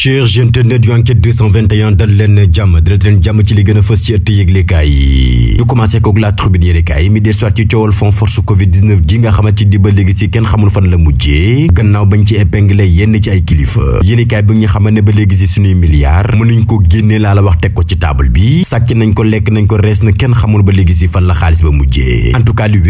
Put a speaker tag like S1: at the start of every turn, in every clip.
S1: chers internautes jàmm dal jàmm ci li gën a fës ci ëtt yëglekaay yi ñu commencé kook la tribune yëglekaay yi mi del ci coowal fond force covid 19 ji nga xamante di ba léegi si kenn xamul fan la mujjee gannaaw bañ ci épinglé yenn ci ay kilifa yëglekaay bi nga xam ne ba léegi si suñuy milliards mënuñ ko génnee laa la wax teg ko ci table bi sàcc nañ ko lekk nañ ko rees na kenn xamul ba léegi si fan la xaalis ba mujjee en tout cas di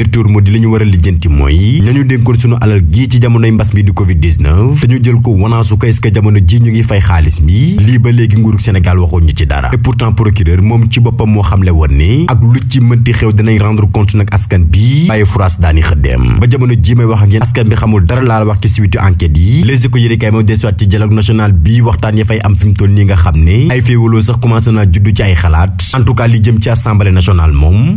S1: la fay xaalis bi lii ba léegi nguurug Sénégal waxoon ñu ci dara et pourtant procureur moom ci boppam moo xamle woon ni ak lu ci mënti xew dinañ rendre compte nag askan bi bàyyi furaas daani xëddeem ba jamono ji may wax ak yéen askan bi xamul dara laa wax ci suite enquête yi les éco yéni kay moom desuwaat ci dialogue national bi waxtaan ya fay am fi mu nii nga xam ne ay féewaloo sax commencé naa juddu ci ay xalaat en li jëm ci assemblée nationale moom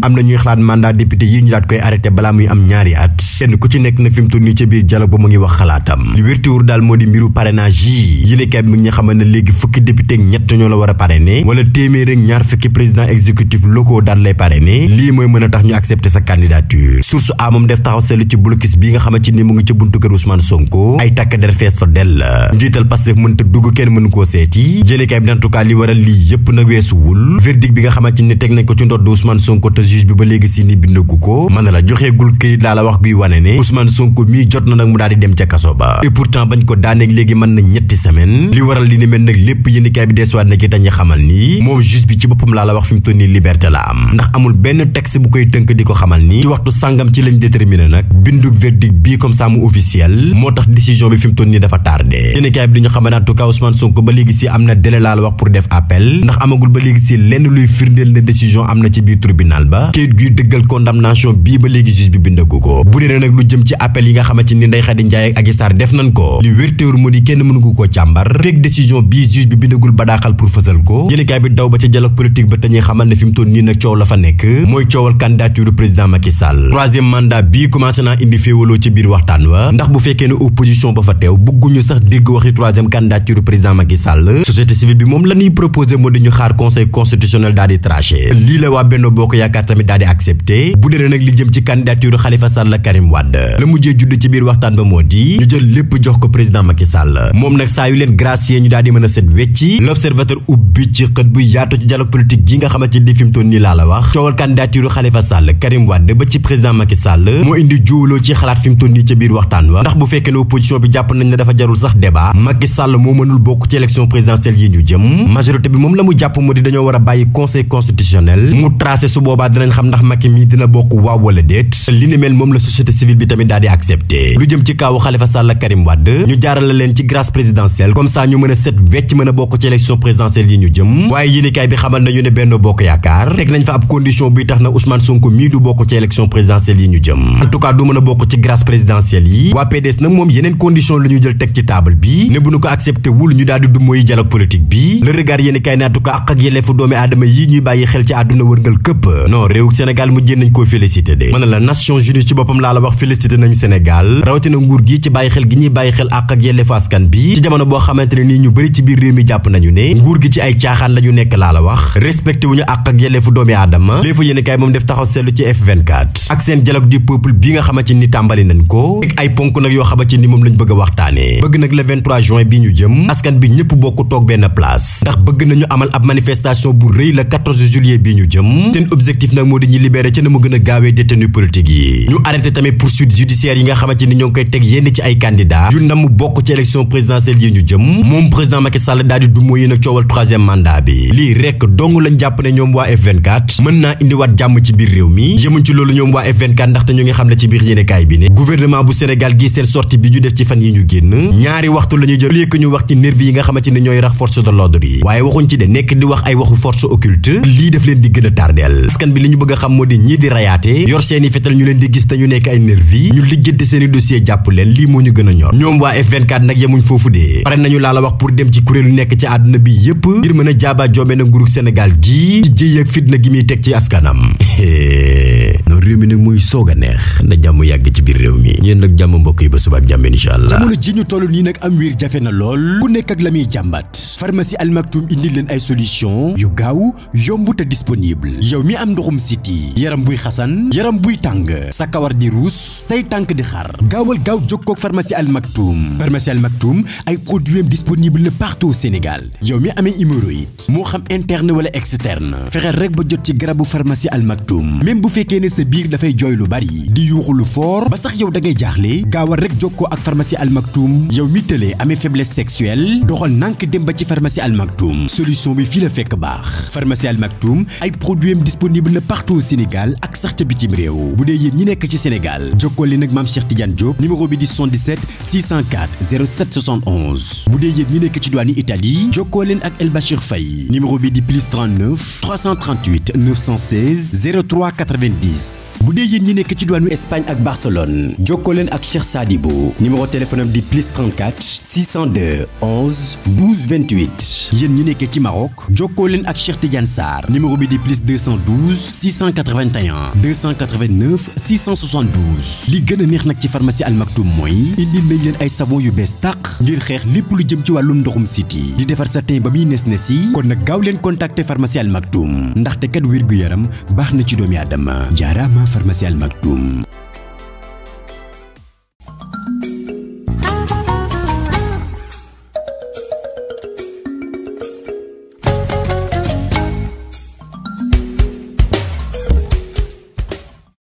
S1: xamal ne léegi fukki député ak ñett ñoo la war a parrainer wala téeméer ak ñaar fukki président exécutif locaux daal lay parrainer lii mooy mën a tax ñu accepter sa candidature source a moom def taxaw seetlu ci blocus bi nga xamante ni mu ngi ci buntu kër Ousmane Sonko ay takk der dell njiital Pastef mënta dugg kenn mënu koo seeti jëlekaay bi en li waral lii yépp na weesuwul verdict bi nga xamante ni teg nañ ko ci ndodd Ousmane Sonko te waral li ni mel nag lépp yéenekaay bi deesuwaat na ci dañu xamal ni moom juge bi ci boppam am ci waxtu sàngam ci lañ déterminé nag bindu bii comme ça mu officiel moo tax décision bi fi mu toll nii dafa tardé yéenekaay bi dañu xamal en tout cas Ousmane Sonko na délai laa la wax pour def appel ndax amagul ba léegi si am na ci biir tribunal ba kayit guy dëggal condamnation bii ba léegi juge bi bindagu ko bu dee nag lu jëm ci appel yi nga xamante ni Ndeye Khady Ndiaye ak Adji Sarr def nañ ko li wér teewul moo kenn mënu ko koo càmbar décision bii juge bi bindagul badaaxal pour fësal ko yéenekaay bi daw ba ca dialogue politique ba te ñuy xamal ne fi mu nii nag coow la fa nekk mooy coowal candidature président Macky Sall mandat bii commencé naa indi féewaloo ci biir waxtaan wa ndax bu fekkee ne opposition ba fa teew bëgguñu sax dégg waxi troisième candidature président Macky société civile bi moom la ñuy moo dañu xaar conseil constitutionnel daal di lii la waa Benno ñu daal di a set wecci l'observateur ubbi ci xët bu yaatu ci dialogue politique gi nga xamante ni fi mu toll nii laa la wax coowal candidature Khalifa Sall Karim Wade ba ci président Macky Sall moo indi juwaloo ci xalaat fi mu nii ca biir waxtaan wa ndax bu fekkee ne opposition bi jàpp nañ ne dafa jarul sax débat Macky Sall moo mënul bokk ci élection présidentielle yi ñu jëm majorité bi moom la mu jàpp moo di dañoo war a bàyyi conseil constitutionnel mu a set wecc mën a bokk ci élection présidentielle yi ñu jëm waaye yéenekaay bi xamal nañu ne Benno Bokk Yaakaar teg nañ fa ab condition bi tax na Ousmane Sonko mii du bokk ci élection présidentielle yi ñu jëm en du mën a bokk ci grâce présidentielle yi waa PDS nag moom yeneen condition la jël teg ci table bi ne bu ko accepté wul ñu daal du mooy dialogue politique bi le regard yéenekaay ne en ak ak yelleefu doomi aadama yi ñuy bàyyi xel ñu bëri ci biir réew mi jàpp nañu ne nguur gi ci ay caaxaan la ñu nekk laa la wax respecté wu ñu àq ak yelleefu doomi aadama léefa yéen kaay moom def taxaw seetlu ci F24 ak seen dialogue du peuple bi nga xamante ni tàmbali nañ ko ak ay ponk nag yoo xamante ni moom lañ bëgg a waxtaanee bëgg nag le 23 bi ñu jëm askan bi ñëpp bokk toog benn place ndax bëgg nañu amal ab manifestation bu rëy la 14 bi ñu jëm seen objectif nag moo di ñu a gaawee détenu politique ni ñoo ngi koy teg moom président Macky Sall daal di du mooy nag coowal troisième mandat bi lii rek dong lañ jàpp ne ñoom waa F24 mën naa indiwaat jàmm ci biir réew mi yëmuñ ci loolu ñoom waa f ndaxte la ñuy jël léegi ñooy rax force de l'ordre yi waaye waxuñ ci de nekk di wax ay waxu force occulte lii daf leen di gën a tardeel bi li ñu bëgg xam moo di ñii di rayaate yor seeni fetal ñu leen di gis te ñu nekk ay nervi ñu lijjanti seeni dossier jàpp leen lii moo ñu gën a ñor ñoom waa F24 yemuñ foofu de pare nañu laa la pour dem ci kuréel yu nekk ci àdduna bi yépp ngir mën a jaaba joobe na nguurug Sénégal gii ci jëy ak fitna gi muy teg ci askanam non réew mi nag muy soog a neex na jàmm yàgg ci biir réew mi ñeen nag jàmm mbokk yi ba suba ak jàmm incha allah jamono ji ñu toll nii nag am wiir jafe na lool ku nekk ak la muy jàmbat pharmacie Almaktoum indi leen ay solution yu gaaw yomb te disponible yow mi am ndoxum siti yaram buy xasan yaram buy tàng sa kawar di ruus say tànk di xar gaawal gaaw jokkoog pharmacie Almaktoum pharmacie Almaktoum ay produit am disponible na partout au Sénégal yow mi amee hémorroïde moo xam interne wala externe fexeel rek ba jot ci garabu pharmacie Almaktoum même bu fekkee ne sa biir dafay jooy lu bari di yuuxu lu fort ba sax yow da ngay jaaxle gaawal rek jokkoo ak pharmacie Almaktoum yow mi tëlee amee faiblesse pharmacie Al Maktoum solution bi fii la fekk baax pharmacie Al Maktoum ay produits disponible na partout Sénégal ak sax ca bitim réew bu dee yéen ñi nekk ci Sénégal jokkoo leen ak maam Cheikh Tidiane jokkoo leen ak El Bachir numéro bi di plus bu dee yéen ñi nekk ci diwaanu Espagne ak Barcelone jokkoo leen ak Cheikh Sadibou numéro téléphone am di plus 28 yéen ñi nekkee ci Maroc jokkoo leen ak Cheikh Tidiane Sarr numéro bi di plus 212 681 289 672 li gën a neex nag ci pharmacie Al Maktoum mooy indil nañ leen ay savon yu bees tàq ngir xeex lépp lu jëm ci wàllum ndoxum siti di defar sa teen ba muy nes nes yi kon nag gaaw leen contacter pharmacie Al ndax ndaxte kat wér gu yaram baax na ci doomi aadama jaaraama pharmacie Al